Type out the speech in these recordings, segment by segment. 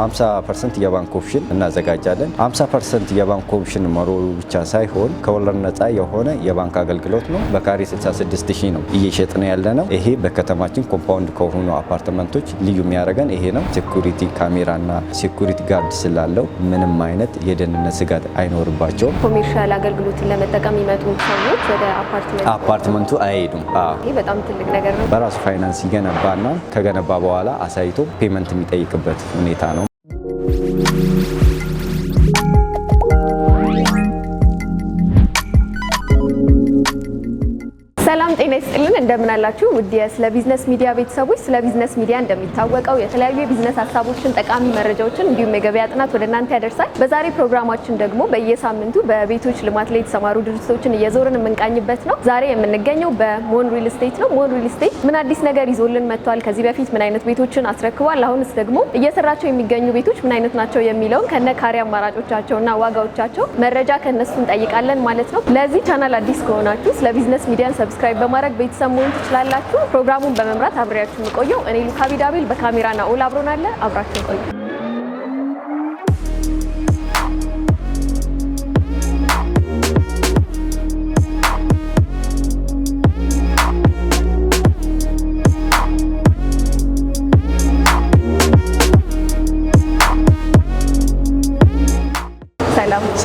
50 ፐርሰንት የባንክ ኦፕሽን እናዘጋጃለን። 50 ፐርሰንት የባንክ ኦፕሽን መሮሩ ብቻ ሳይሆን ከወለድ ነፃ የሆነ የባንክ አገልግሎት ነው። በካሬ 66 ሺህ ነው እየሸጥን ያለ ነው። ይሄ በከተማችን ኮምፓውንድ ከሆኑ አፓርትመንቶች ልዩ የሚያደርገን ይሄ ነው። ሴኩሪቲ ካሜራና ሴኩሪቲ ጋርድ ስላለው ምንም አይነት የደህንነት ስጋት አይኖርባቸውም። ኮሜርሻል አገልግሎትን ለመጠቀም ይመጡ ሰዎች ወደ አፓርትመንቱ አይሄዱም። ይሄ በጣም ትልቅ ነገር ነው። በራሱ ፋይናንስ ይገነባና ከገነባ በኋላ አሳይቶ ፔመንት የሚጠይቅበት ሁኔታ ነው። እንደምን አላችሁ ውድ ስለ ቢዝነስ ሚዲያ ቤተሰቦች። ስለ ቢዝነስ ሚዲያ እንደሚታወቀው የተለያዩ የቢዝነስ ሀሳቦችን፣ ጠቃሚ መረጃዎችን እንዲሁም የገበያ ጥናት ወደ እናንተ ያደርሳል። በዛሬ ፕሮግራማችን ደግሞ በየሳምንቱ በቤቶች ልማት ላይ የተሰማሩ ድርጅቶችን እየዞርን የምንቃኝበት ነው። ዛሬ የምንገኘው በሞን ሪል ስቴት ነው። ሞን ሪል ስቴት ምን አዲስ ነገር ይዞልን መጥቷል? ከዚህ በፊት ምን አይነት ቤቶችን አስረክቧል? አሁንስ ደግሞ እየሰራቸው የሚገኙ ቤቶች ምን አይነት ናቸው የሚለውን ከነ ካሬ አማራጮቻቸውና ዋጋዎቻቸው መረጃ ከነሱ እንጠይቃለን ማለት ነው። ለዚህ ቻናል አዲስ ከሆናችሁ ስለ ቢዝነስ ሚዲያን ሰብስክራይብ በማድረግ ቤተሰብ መሆን ትችላላችሁ። ፕሮግራሙን በመምራት አብሬያችሁ የምቆየው እኔ ሉካ ቢዳቤል፣ በካሜራና ኦል አብሮናለ። አብራችሁ ቆዩ።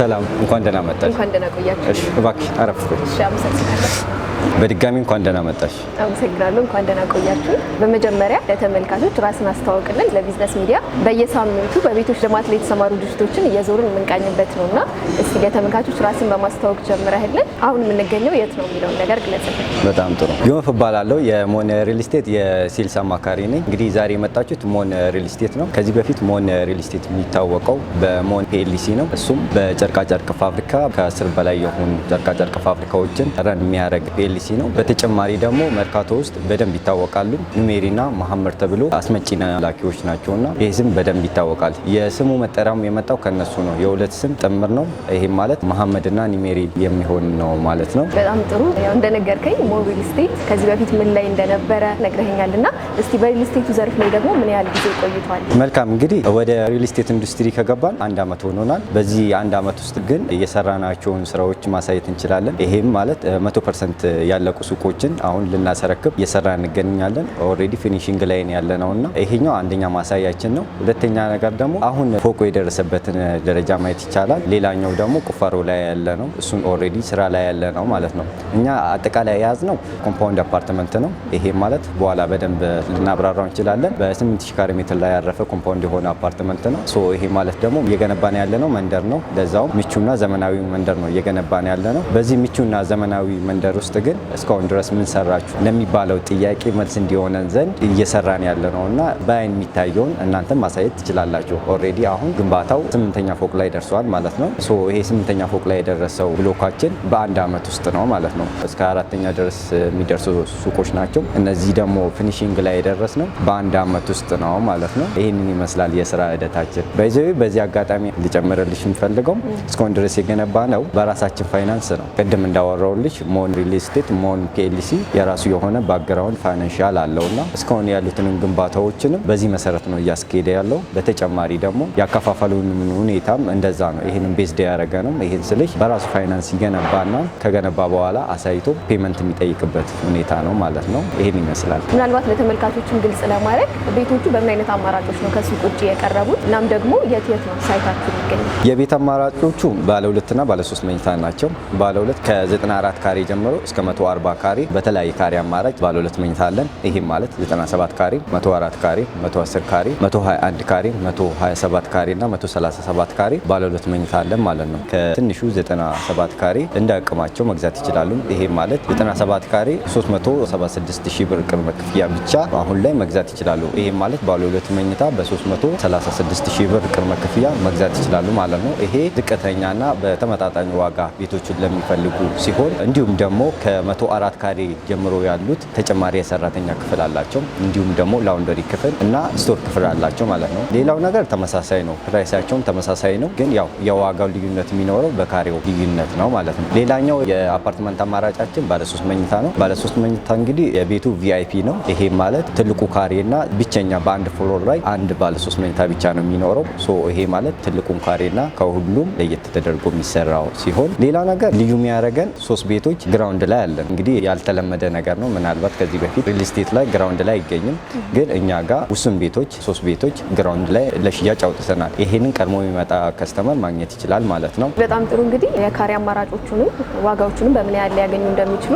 ሰላም፣ እንኳን ደህና መጣችሁ። እንኳን ደህና ቆያችሁ። እሺ፣ እባክህ አረፍኩ። እሺ፣ አመሰግናለሁ። በድጋሚ እንኳን ደህና መጣሽ። አመሰግናለሁ። እንኳን ደህና ቆያችሁ። በመጀመሪያ ለተመልካቾች ራስን አስተዋውቅልን። ለቢዝነስ ሚዲያ በየሳምንቱ በቤቶች ልማት ላይ የተሰማሩ ድርጅቶችን እየዞርን የምንቃኝበት ነው እና እስቲ ለተመልካቾች ራስን በማስተዋወቅ ጀምረህልን አሁን የምንገኘው የት ነው የሚለውን ነገር ግለጽልን። በጣም ጥሩ። ዮመፍ እባላለሁ። የሞን ሪል ስቴት የሴልስ አማካሪ ነኝ። እንግዲህ ዛሬ የመጣችሁት ሞን ሪል ስቴት ነው። ከዚህ በፊት ሞን ሪል ስቴት የሚታወቀው በሞን ፒኤልሲ ነው። እሱም በጨርቃጨርቅ ፋብሪካ ከአስር በላይ የሆኑ ጨርቃጨርቅ ፋብሪካዎችን ረን የሚያደርግ ኤልሲ ነው። በተጨማሪ ደግሞ መርካቶ ውስጥ በደንብ ይታወቃሉ። ኑሜሪና መሀመድ ተብሎ አስመጪና ላኪዎች ናቸውና ይህ ስም በደንብ ይታወቃል። የስሙ መጠሪያም የመጣው ከነሱ ነው። የሁለት ስም ጥምር ነው። ይህም ማለት መሀመድና ኒሜሪ የሚሆን ነው ማለት ነው። በጣም ጥሩ። ያው እንደነገርከኝ ሞቢል ስቴት ከዚህ በፊት ምን ላይ እንደነበረ ነግረኛል እና እስቲ በሪል ስቴቱ ዘርፍ ላይ ደግሞ ምን ያህል ጊዜ ቆይቷል? መልካም እንግዲህ ወደ ሪል ስቴት ኢንዱስትሪ ከገባን አንድ አመት ሆኖናል። በዚህ አንድ አመት ውስጥ ግን የሰራናቸውን ስራዎች ማሳየት እንችላለን። ይሄም ማለት መቶ ፐርሰንት ያለቁ ሱቆችን አሁን ልናስረክብ እየሰራ እንገኛለን። ኦልሬዲ ፊኒሽንግ ላይ ያለ ነው እና ይሄኛው አንደኛ ማሳያችን ነው። ሁለተኛ ነገር ደግሞ አሁን ፎቁ የደረሰበትን ደረጃ ማየት ይቻላል። ሌላኛው ደግሞ ቁፋሮ ላይ ያለ ነው። እሱን ኦልሬዲ ስራ ላይ ያለ ነው ማለት ነው። እኛ አጠቃላይ የያዝ ነው ኮምፓውንድ አፓርትመንት ነው። ይሄ ማለት በኋላ በደንብ ልናብራራው እንችላለን። በ8 ሺህ ካሬ ሜትር ላይ ያረፈ ኮምፓውንድ የሆነ አፓርትመንት ነው። ሶ ይሄ ማለት ደግሞ እየገነባን ያለ ነው መንደር ነው። ለዛውም ምቹና ዘመናዊ መንደር ነው እየገነባን ያለ ነው። በዚህ ምቹና ዘመናዊ መንደር ውስጥ ግን ግን እስካሁን ድረስ ምን ሰራችሁ ለሚባለው ጥያቄ መልስ እንዲሆነን ዘንድ እየሰራን ያለ ነው እና በአይን የሚታየውን እናንተ ማሳየት ትችላላችሁ። ኦልሬዲ አሁን ግንባታው ስምንተኛ ፎቅ ላይ ደርሰዋል ማለት ነው። ሶ ይሄ ስምንተኛ ፎቅ ላይ የደረሰው ብሎካችን በአንድ አመት ውስጥ ነው ማለት ነው። እስከ አራተኛ ድረስ የሚደርሱ ሱቆች ናቸው። እነዚህ ደግሞ ፊኒሽንግ ላይ የደረስ ነው በአንድ አመት ውስጥ ነው ማለት ነው። ይህንን ይመስላል የስራ ሂደታችን። በዚ በዚህ አጋጣሚ ልጨምርልሽ የምፈልገው እስካሁን ድረስ የገነባ ነው በራሳችን ፋይናንስ ነው። ቅድም እንዳወራውልሽ ሞን ሪል ስቴት ማርኬት ሞን ፒኤልሲ የራሱ የሆነ ባክግራውንድ ፋይናንሻል አለውና እስካሁን ያሉትንም ግንባታዎችንም በዚህ መሰረት ነው እያስኬደ ያለው። በተጨማሪ ደግሞ ያከፋፈሉን ሁኔታም እንደዛ ነው። ይህንን ቤዝድ ያደረገ ነው። ይህን ስልሽ በራሱ ፋይናንስ ይገነባና ከገነባ በኋላ አሳይቶ ፔመንት የሚጠይቅበት ሁኔታ ነው ማለት ነው። ይህን ይመስላል። ምናልባት ለተመልካቾችም ግልጽ ለማድረግ ቤቶቹ በምን አይነት አማራጮች ነው ከሱቅ ውጭ የቀረቡት? እናም ደግሞ የት የት ነው ሳይታችሁ ይገኛል? የቤት አማራጮቹ ባለ ሁለትና ባለ ሶስት መኝታ ናቸው። ባለ ሁለት ከ94 ካሬ ጀምሮ እስከ 140 ካሬ በተለያየ ካሬ አማራጭ ባለ ሁለት መኝታ አለን። ይህም ማለት 97 ካሬ፣ 104 ካሬ፣ 110 ካሬ፣ 121 ካሬ፣ 127 ካሬ እና 137 ካሬ ባለ ሁለት መኝታ አለን ማለት ነው። ከትንሹ 97 ካሬ እንደ አቅማቸው መግዛት ይችላሉ። ይህም ማለት 97 ካሬ 376 ሺህ ብር ቅድመ ክፍያ ብቻ አሁን ላይ መግዛት ይችላሉ። ይህም ማለት ባለ ሁለት መኝታ በ336 ሺህ ብር ቅድመ ክፍያ መግዛት ይችላሉ ማለት ነው። ይሄ ዝቅተኛና በተመጣጣኝ ዋጋ ቤቶችን ለሚፈልጉ ሲሆን እንዲሁም ደግሞ ከ ከመቶ አራት ካሬ ጀምሮ ያሉት ተጨማሪ የሰራተኛ ክፍል አላቸው። እንዲሁም ደግሞ ላውንደሪ ክፍል እና ስቶር ክፍል አላቸው ማለት ነው። ሌላው ነገር ተመሳሳይ ነው፣ ፕራይሳቸውም ተመሳሳይ ነው። ግን ያው የዋጋው ልዩነት የሚኖረው በካሬው ልዩነት ነው ማለት ነው። ሌላኛው የአፓርትመንት አማራጫችን ባለሶስት መኝታ ነው። ባለሶስት መኝታ እንግዲህ የቤቱ ቪአይፒ ነው። ይሄ ማለት ትልቁ ካሬና ብቸኛ በአንድ ፍሎር ላይ አንድ ባለሶስት መኝታ ብቻ ነው የሚኖረው። ሶ ይሄ ማለት ትልቁን ካሬና ከሁሉም ለየት ተደርጎ የሚሰራው ሲሆን ሌላው ነገር ልዩ የሚያደርገን ሶስት ቤቶች ግራውንድ ላይ አለን። እንግዲህ ያልተለመደ ነገር ነው። ምናልባት ከዚህ በፊት ሪል ስቴት ላይ ግራውንድ ላይ አይገኝም፣ ግን እኛ ጋር ውስን ቤቶች ሶስት ቤቶች ግራውንድ ላይ ለሽያጭ አውጥተናል። ይሄንን ቀድሞ የሚመጣ ከስተመር ማግኘት ይችላል ማለት ነው። በጣም ጥሩ እንግዲህ የካሬ አማራጮቹንም ዋጋዎቹንም በምን ያህል ሊያገኙ እንደሚችሉ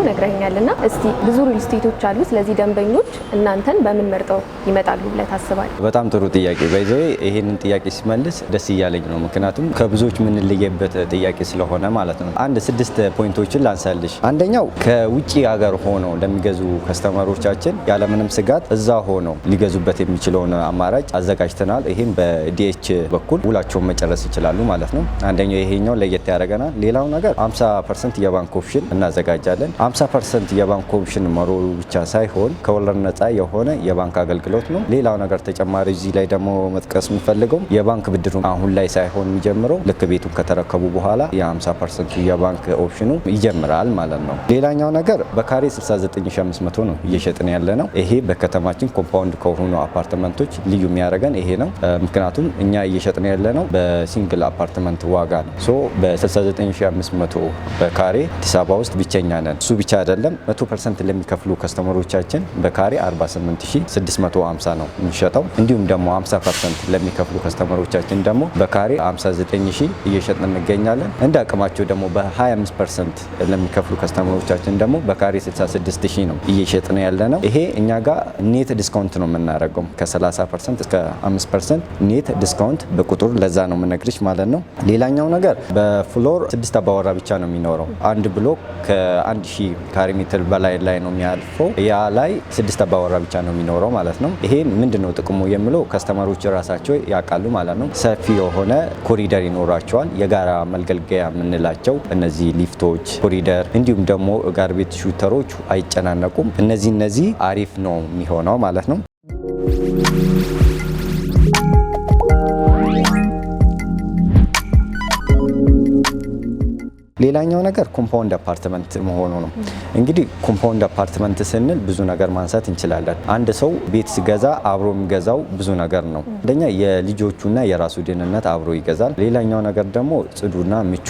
ና እስቲ ብዙ ሪል ስቴቶች አሉ። ስለዚህ ደንበኞች እናንተን በምን መርጠው ይመጣሉ ብለህ ታስባለህ? በጣም ጥሩ ጥያቄ ባይዘ ይሄንን ጥያቄ ሲመልስ ደስ እያለኝ ነው። ምክንያቱም ከብዙዎች የምንለየበት ጥያቄ ስለሆነ ማለት ነው። አንድ ስድስት ፖይንቶችን ላንሳልሽ። አንደኛው ከውጭ ሀገር ሆነው ለሚገዙ ከስተመሮቻችን ያለምንም ስጋት እዛ ሆነው ሊገዙበት የሚችለውን አማራጭ አዘጋጅተናል። ይህም በዲኤች በኩል ውላቸውን መጨረስ ይችላሉ ማለት ነው። አንደኛው ይሄኛው ለየት ያደረገናል። ሌላው ነገር 50 ፐርሰንት የባንክ ኦፕሽን እናዘጋጃለን። 50 ፐርሰንት የባንክ ኦፕሽን መሮሩ ብቻ ሳይሆን ከወለድ ነፃ የሆነ የባንክ አገልግሎት ያለሁት ነው። ሌላው ነገር ተጨማሪ እዚህ ላይ ደግሞ መጥቀስ የምፈልገው የባንክ ብድሩ አሁን ላይ ሳይሆን የሚጀምረው ልክ ቤቱን ከተረከቡ በኋላ የ50 ፐርሰንቱ የባንክ ኦፕሽኑ ይጀምራል ማለት ነው። ሌላኛው ነገር በካሬ 69500 ነው እየሸጥን ያለ ነው። ይሄ በከተማችን ኮምፓውንድ ከሆኑ አፓርትመንቶች ልዩ የሚያደርገን ይሄ ነው። ምክንያቱም እኛ እየሸጥን ያለ ነው በሲንግል አፓርትመንት ዋጋ ነው። ሶ በ69500 በካሬ አዲስ አበባ ውስጥ ብቸኛ ነን። እሱ ብቻ አይደለም 100 ፐርሰንት ለሚከፍሉ ከስተመሮቻችን በካሬ 48። 50 ነው የሚሸጠው። እንዲሁም ደግሞ 50 ፐርሰንት ለሚከፍሉ ከስተመሮቻችን ደግሞ በካሬ 59 ሺ እየሸጥን እንገኛለን። እንደ አቅማቸው ደግሞ በ25 ፐርሰንት ለሚከፍሉ ከስተመሮቻችን ደግሞ በካሬ 66 ሺ ነው እየሸጥን ያለ ነው። ይሄ እኛ ጋር ኔት ዲስካውንት ነው የምናደርገው ከ30 ፐርሰንት እስከ 5 ፐርሰንት ኔት ዲስካውንት በቁጥር ለዛ ነው የምነግርሽ ማለት ነው። ሌላኛው ነገር በፍሎር ስድስት አባወራ ብቻ ነው የሚኖረው። አንድ ብሎክ ከ1000 ካሬ ሜትር በላይ ላይ ነው የሚያልፈው። ያ ላይ ስድስት አባወራ ብቻ ነው የሚኖረው ማለት ነው። ይሄ ምንድን ነው ጥቅሙ የሚለው ከስተመሮች ራሳቸው ያውቃሉ ማለት ነው። ሰፊ የሆነ ኮሪደር ይኖራቸዋል። የጋራ መልገልገያ የምንላቸው እነዚህ ሊፍቶች፣ ኮሪደር እንዲሁም ደግሞ ጋርቤት ሹተሮች አይጨናነቁም። እነዚህ እነዚህ አሪፍ ነው የሚሆነው ማለት ነው። ሌላኛው ነገር ኮምፓውንድ አፓርትመንት መሆኑ ነው። እንግዲህ ኮምፓውንድ አፓርትመንት ስንል ብዙ ነገር ማንሳት እንችላለን። አንድ ሰው ቤት ሲገዛ አብሮ የሚገዛው ብዙ ነገር ነው። አንደኛ የልጆቹና የራሱ ደህንነት አብሮ ይገዛል። ሌላኛው ነገር ደግሞ ጽዱና ምቹ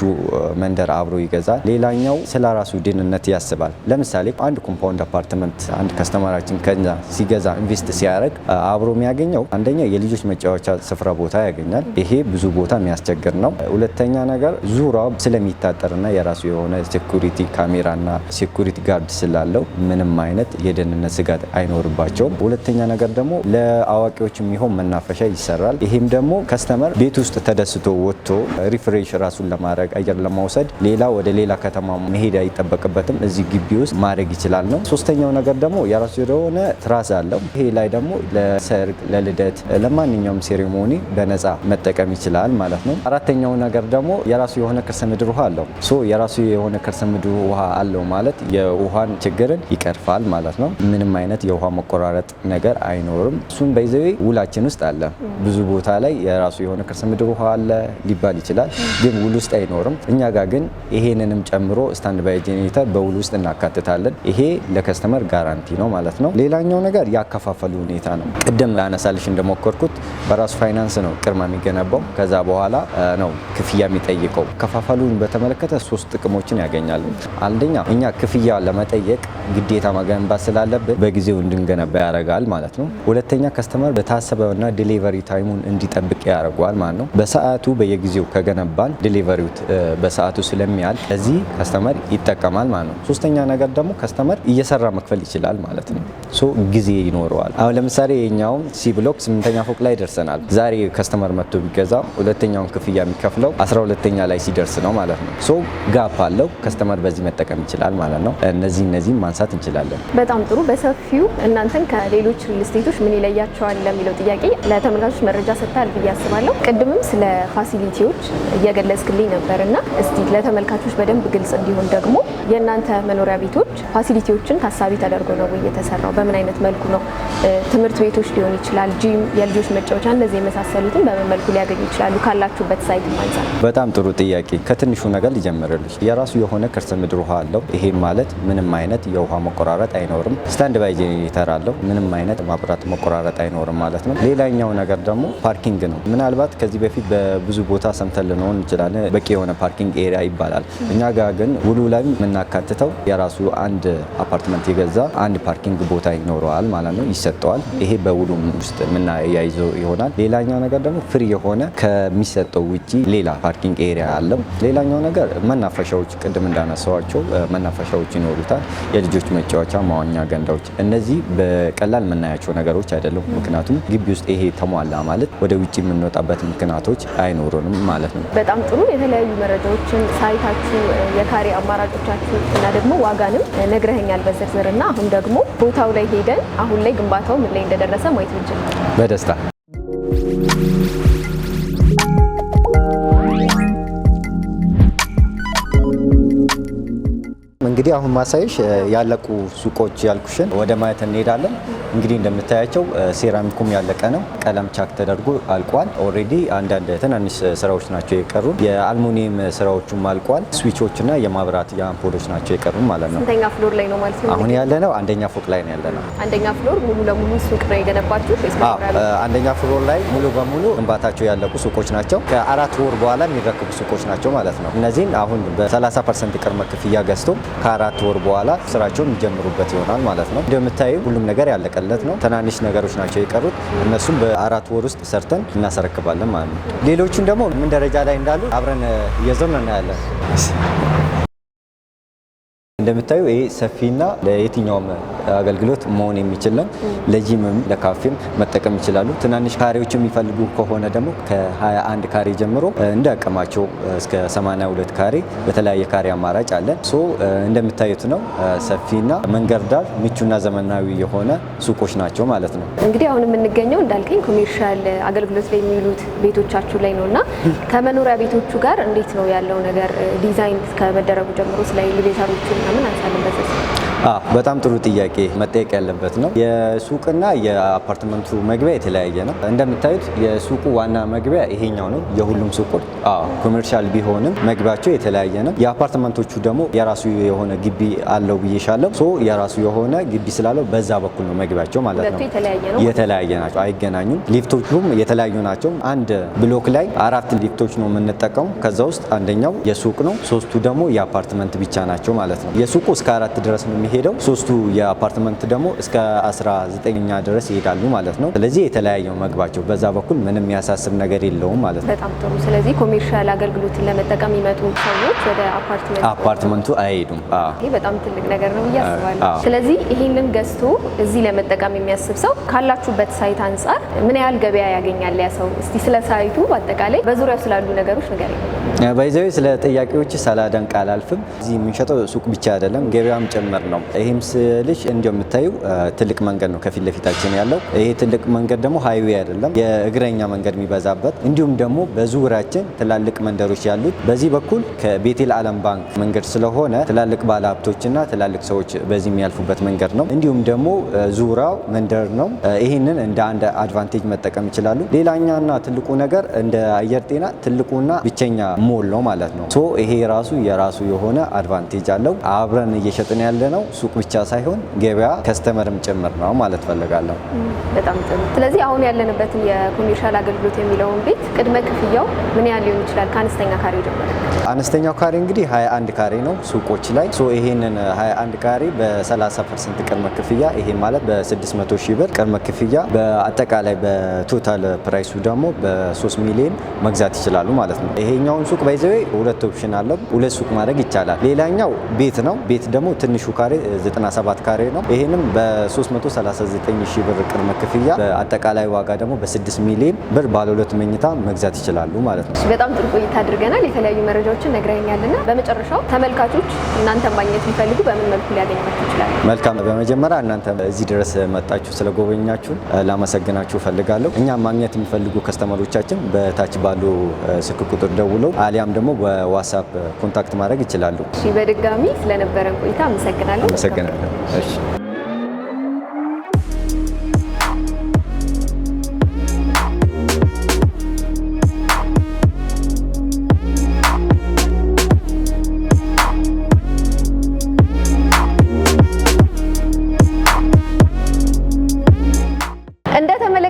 መንደር አብሮ ይገዛል። ሌላኛው ስለ ራሱ ደህንነት ያስባል። ለምሳሌ አንድ ኮምፓውንድ አፓርትመንት አንድ ከስተማራችን ከኛ ሲገዛ ኢንቨስት ሲያደርግ አብሮ የሚያገኘው አንደኛ የልጆች መጫወቻ ስፍራ ቦታ ያገኛል። ይሄ ብዙ ቦታ የሚያስቸግር ነው። ሁለተኛ ነገር ዙሪያው ስለሚታጠርና ስለሆነ የራሱ የሆነ ሴኩሪቲ ካሜራና ሴኩሪቲ ጋርድ ስላለው ምንም አይነት የደህንነት ስጋት አይኖርባቸውም። ሁለተኛ ነገር ደግሞ ለአዋቂዎች የሚሆን መናፈሻ ይሰራል። ይሄም ደግሞ ከስተመር ቤት ውስጥ ተደስቶ ወጥቶ ሪፍሬሽ ራሱን ለማድረግ አየር ለማውሰድ ሌላ ወደ ሌላ ከተማ መሄድ አይጠበቅበትም። እዚህ ግቢ ውስጥ ማድረግ ይችላል ነው። ሶስተኛው ነገር ደግሞ የራሱ የሆነ ትራስ አለው። ይሄ ላይ ደግሞ ለሰርግ፣ ለልደት፣ ለማንኛውም ሴሬሞኒ በነፃ መጠቀም ይችላል ማለት ነው። አራተኛው ነገር ደግሞ የራሱ የሆነ ከርሰ ምድር ውሃ አለው። የራሱ የሆነ ከርሰ ምድር ውሃ አለው ማለት የውሃን ችግርን ይቀርፋል ማለት ነው። ምንም አይነት የውሃ መቆራረጥ ነገር አይኖርም። እሱም በይዘዌ ውላችን ውስጥ አለ። ብዙ ቦታ ላይ የራሱ የሆነ ከርሰ ምድር ውሃ አለ ሊባል ይችላል፣ ግን ውል ውስጥ አይኖርም። እኛ ጋር ግን ይሄንንም ጨምሮ ስታንድ ባይ ጄኔሬተር በውል ውስጥ እናካትታለን። ይሄ ለከስተመር ጋራንቲ ነው ማለት ነው። ሌላኛው ነገር ያከፋፈሉ ሁኔታ ነው። ቅድም ላነሳልሽ እንደሞከርኩት በራሱ ፋይናንስ ነው ቅድማ የሚገነባው፣ ከዛ በኋላ ነው ክፍያ የሚጠይቀው። ከፋፈሉን በተመለከተ ሶስት ጥቅሞችን ያገኛሉ። አንደኛ እኛ ክፍያ ለመጠየቅ ግዴታ መገንባት ስላለብን በጊዜው እንድንገነባ ያደርጋል ማለት ነው። ሁለተኛ ከስተመር በታሰበና ዲሊቨሪ ታይሙን እንዲጠብቅ ያደርገዋል ማለት ነው። በሰዓቱ በየጊዜው ከገነባን ዲሊቨሪው በሰዓቱ ስለሚያልቅ እዚህ ከስተመር ይጠቀማል ማለት ነው። ሶስተኛ ነገር ደግሞ ከስተመር እየሰራ መክፈል ይችላል ማለት ነው። ሶ ጊዜ ይኖረዋል። አሁን ለምሳሌ የኛውም ሲ ብሎክ ስምንተኛ ፎቅ ላይ ደርሰናል። ዛሬ ከስተመር መጥቶ ቢገዛ ሁለተኛውን ክፍያ የሚከፍለው አስራ ሁለተኛ ላይ ሲደርስ ነው ማለት ነው። ጋፕ አለው። ከስተመር በዚህ መጠቀም ይችላል ማለት ነው። እነዚህ እነዚህም ማንሳት እንችላለን። በጣም ጥሩ። በሰፊው እናንተን ከሌሎች ሪል ስቴቶች ምን ይለያቸዋል ለሚለው ጥያቄ ለተመልካቾች መረጃ ሰጥታል ብዬ አስባለሁ። ቅድምም ስለ ፋሲሊቲዎች እየገለጽክልኝ ነበር እና እስቲ ለተመልካቾች በደንብ ግልጽ እንዲሆን ደግሞ የእናንተ መኖሪያ ቤቶች ፋሲሊቲዎችን ታሳቢ ተደርጎ ነው የተሰራው? በምን አይነት መልኩ ነው? ትምህርት ቤቶች ሊሆን ይችላል፣ ጂም፣ የልጆች መጫወቻ፣ እነዚህ የመሳሰሉትን በምን መልኩ ሊያገኙ ይችላሉ? ካላችሁበት ሳይት ማንሳት። በጣም ጥሩ ጥያቄ። ከትንሹ ነገር ሊጀምር የሚጨምርልሽ። የራሱ የሆነ ከርሰ ምድር ውሃ አለው። ይሄም ማለት ምንም አይነት የውሃ መቆራረጥ አይኖርም። ስታንድ ባይ ጄኔሬተር አለው። ምንም አይነት ማብራት መቆራረጥ አይኖርም ማለት ነው። ሌላኛው ነገር ደግሞ ፓርኪንግ ነው። ምናልባት ከዚህ በፊት በብዙ ቦታ ሰምተን ልንሆን እንችላለን። በቂ የሆነ ፓርኪንግ ኤሪያ ይባላል። እኛ ጋር ግን ውሉ ላይ የምናካትተው የራሱ አንድ አፓርትመንት የገዛ አንድ ፓርኪንግ ቦታ ይኖረዋል ማለት ነው፣ ይሰጠዋል። ይሄ በውሉም ውስጥ የምናያይዘው ይሆናል። ሌላኛው ነገር ደግሞ ፍሪ የሆነ ከሚሰጠው ውጪ ሌላ ፓርኪንግ ኤሪያ አለው። ሌላኛው ነገር መናፈሻዎች ቅድም እንዳነሳዋቸው መናፈሻዎች ይኖሩታል። የልጆች መጫወቻ መዋኛ ገንዳዎች፣ እነዚህ በቀላል የምናያቸው ነገሮች አይደለም። ምክንያቱም ግቢ ውስጥ ይሄ ተሟላ ማለት ወደ ውጭ የምንወጣበት ምክንያቶች አይኖሩንም ማለት ነው። በጣም ጥሩ የተለያዩ መረጃዎችን ሳይታችሁ የካሬ አማራጮቻችሁ እና ደግሞ ዋጋንም ነግረኸኛል በዝርዝር እና አሁን ደግሞ ቦታው ላይ ሄደን አሁን ላይ ግንባታው ምን ላይ እንደደረሰ ማየት ብንችል በደስታ እንግዲህ አሁን ማሳይሽ ያለቁ ሱቆች ያልኩሽን ወደ ማየት እንሄዳለን። እንግዲህ እንደምታያቸው ሴራሚኩም ያለቀ ነው። ቀለም ቻክ ተደርጎ አልቋል። ኦልሬዲ አንዳንድ ትናንሽ ስራዎች ናቸው የቀሩ። የአልሙኒየም ስራዎቹም አልቋል። ስዊቾች እና የማብራት የአምፖሎች ናቸው የቀሩ ማለት ነው። ስንተኛ ፍሎር ላይ ነው ማለት ነው። አሁን ያለ ነው አንደኛ ፎቅ ላይ ነው ያለ ነው። አንደኛ ፍሎር ሙሉ ለሙሉ ሱቅ ነው የገነባችሁ? አንደኛ ፍሎር ላይ ሙሉ በሙሉ ግንባታቸው ያለቁ ሱቆች ናቸው። ከአራት ወር በኋላ የሚረክቡ ሱቆች ናቸው ማለት ነው። እነዚህን አሁን በ30 ፐርሰንት ቅድመ ክፍያ ገዝቶ ከአራት ወር በኋላ ስራቸውን የሚጀምሩበት ይሆናል ማለት ነው። እንደምታዩ ሁሉም ነገር ያለቀ የተሰራለት ነው። ትናንሽ ነገሮች ናቸው የቀሩት። እነሱም በአራት ወር ውስጥ ሰርተን እናስረክባለን ማለት ነው። ሌሎቹን ደግሞ ምን ደረጃ ላይ እንዳሉ አብረን እየዞርን እናያለን። እንደምታዩ ይሄ ሰፊና ለየትኛውም አገልግሎት መሆን የሚችል ነው። ለጂምም ለካፌም መጠቀም ይችላሉ። ትናንሽ ካሬዎች የሚፈልጉ ከሆነ ደግሞ ከ21 ካሬ ጀምሮ እንደ አቅማቸው እስከ 82 ካሬ በተለያየ ካሬ አማራጭ አለን። ሶ እንደምታዩት ነው ሰፊና መንገድ ዳር ምቹና ዘመናዊ የሆነ ሱቆች ናቸው ማለት ነው። እንግዲህ አሁን የምንገኘው እንዳልከኝ ኮሜርሻል አገልግሎት ላይ የሚውሉት ቤቶቻችሁ ላይ ነው እና ከመኖሪያ ቤቶቹ ጋር እንዴት ነው ያለው ነገር ዲዛይን ከመደረጉ ጀምሮ ስለ ኤሌቬተሮቹ ምናምን አንሳለን በዛ በጣም ጥሩ ጥያቄ መጠየቅ ያለበት ነው። የሱቅና የአፓርትመንቱ መግቢያ የተለያየ ነው። እንደምታዩት የሱቁ ዋና መግቢያ ይሄኛው ነው። የሁሉም ሱቆች ኮሜርሻል ቢሆንም መግቢያቸው የተለያየ ነው። የአፓርትመንቶቹ ደግሞ የራሱ የሆነ ግቢ አለው ብዬሻለው። ሶ የራሱ የሆነ ግቢ ስላለው በዛ በኩል ነው መግቢያቸው ማለት ነው። የተለያየ ናቸው፣ አይገናኙም። ሊፍቶቹም የተለያዩ ናቸው። አንድ ብሎክ ላይ አራት ሊፍቶች ነው የምንጠቀሙ። ከዛ ውስጥ አንደኛው የሱቅ ነው፣ ሶስቱ ደግሞ የአፓርትመንት ብቻ ናቸው ማለት ነው። የሱቁ እስከ አራት ድረስ ነው የሚሄደው ሶስቱ የአፓርትመንት ደግሞ እስከ 19ኛ ድረስ ይሄዳሉ ማለት ነው። ስለዚህ የተለያየው መግባቸው በዛ በኩል ምንም ያሳስብ ነገር የለውም ማለት ነው። በጣም ጥሩ። ስለዚህ ኮሜርሻል አገልግሎትን ለመጠቀም የሚመጡ ሰዎች ወደ አፓርትመንቱ አይሄዱም። ይሄ በጣም ትልቅ ነገር ነው ብዬ አስባለሁ። ስለዚህ ይህንን ገዝቶ እዚህ ለመጠቀም የሚያስብ ሰው ካላችሁበት ሳይት አንጻር ምን ያህል ገበያ ያገኛል ያ ሰው? እስቲ ስለ ሳይቱ በአጠቃላይ በዙሪያው ስላሉ ነገሮች ንገረኝ። ባይዘዌ ስለ ጥያቄዎች ሳላደንቅ አላልፍም። እዚህ የምንሸጠው ሱቅ ብቻ አይደለም ገበያም ጭምር ነው። ነው። ይህም ስልሽ እንደምታዩ ትልቅ መንገድ ነው ከፊት ለፊታችን ያለው። ይሄ ትልቅ መንገድ ደግሞ ሀይዌ አይደለም፣ የእግረኛ መንገድ የሚበዛበት እንዲሁም ደግሞ በዙሪያችን ትላልቅ መንደሮች ያሉት በዚህ በኩል ከቤቴል ዓለም ባንክ መንገድ ስለሆነ ትላልቅ ባለሀብቶችና ትላልቅ ሰዎች በዚህ የሚያልፉበት መንገድ ነው። እንዲሁም ደግሞ ዙሪያው መንደር ነው። ይህንን እንደ አንድ አድቫንቴጅ መጠቀም ይችላሉ። ሌላኛና ትልቁ ነገር እንደ አየር ጤና ትልቁና ብቸኛ ሞል ነው ማለት ነው። ሶ ይሄ ራሱ የራሱ የሆነ አድቫንቴጅ አለው። አብረን እየሸጥን ያለ ነው። ሱቅ ብቻ ሳይሆን ገበያ ከስተመርም ጭምር ነው ማለት ፈልጋለሁ። በጣም ጥሩ። ስለዚህ አሁን ያለንበትን የኮሜርሻል አገልግሎት የሚለውን ቤት ቅድመ ክፍያው ምን ያህል ሊሆን ይችላል? ከአነስተኛ ካሬ ጀምሮ አነስተኛው ካሬ እንግዲህ 21 ካሬ ነው ሱቆች ላይ ሶ ይሄንን 21 ካሬ በ30 ፐርሰንት ቅድመ ክፍያ ይሄ ማለት በ600 ሺህ ብር ቅድመ ክፍያ በአጠቃላይ በቶታል ፕራይሱ ደግሞ በ3 ሚሊዮን መግዛት ይችላሉ ማለት ነው። ይሄኛውን ሱቅ ባይዘዌ ሁለት ኦፕሽን አለው። ሁለት ሱቅ ማድረግ ይቻላል። ሌላኛው ቤት ነው። ቤት ደግሞ ትንሹ ካሬ 97 ካሬ ነው። ይሄንም በ339 ሺህ ብር ቅድመ ክፍያ በአጠቃላይ ዋጋ ደግሞ በ6 ሚሊዮን ብር ባለ ሁለት መኝታ መግዛት ይችላሉ ማለት ነው። በጣም ጥሩ ቆይታ አድርገናል። የተለያዩ መረጃዎች ነገሮችን ነግረኛልና በመጨረሻው ተመልካቾች እናንተ ማግኘት የሚፈልጉ በምን መልኩ ሊያገኟችሁ ይችላል? መልካም። በመጀመሪያ እናንተ እዚህ ድረስ መጣችሁ ስለጎበኛችሁን ላመሰግናችሁ ፈልጋለሁ። እኛም ማግኘት የሚፈልጉ ከስተመሮቻችን በታች ባሉ ስልክ ቁጥር ደውለው አሊያም ደግሞ በዋትሳፕ ኮንታክት ማድረግ ይችላሉ። በድጋሚ ስለነበረን ቆይታ አመሰግናለሁ። አመሰግናለሁ።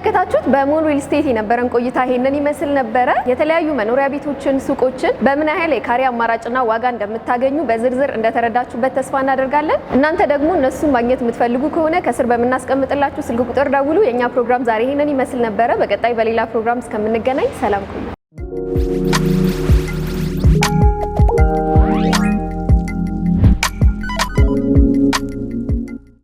እንደተመለከታችሁት በሙን ሪል ስቴት የነበረን ቆይታ ይሄንን ይመስል ነበረ። የተለያዩ መኖሪያ ቤቶችን፣ ሱቆችን በምን ያህል የካሬ አማራጭና ዋጋ እንደምታገኙ በዝርዝር እንደተረዳችሁበት ተስፋ እናደርጋለን። እናንተ ደግሞ እነሱን ማግኘት የምትፈልጉ ከሆነ ከስር በምናስቀምጥላችሁ ስልክ ቁጥር ደውሉ። የእኛ ፕሮግራም ዛሬ ይሄንን ይመስል ነበረ። በቀጣይ በሌላ ፕሮግራም እስከምንገናኝ ሰላም ቆዩ።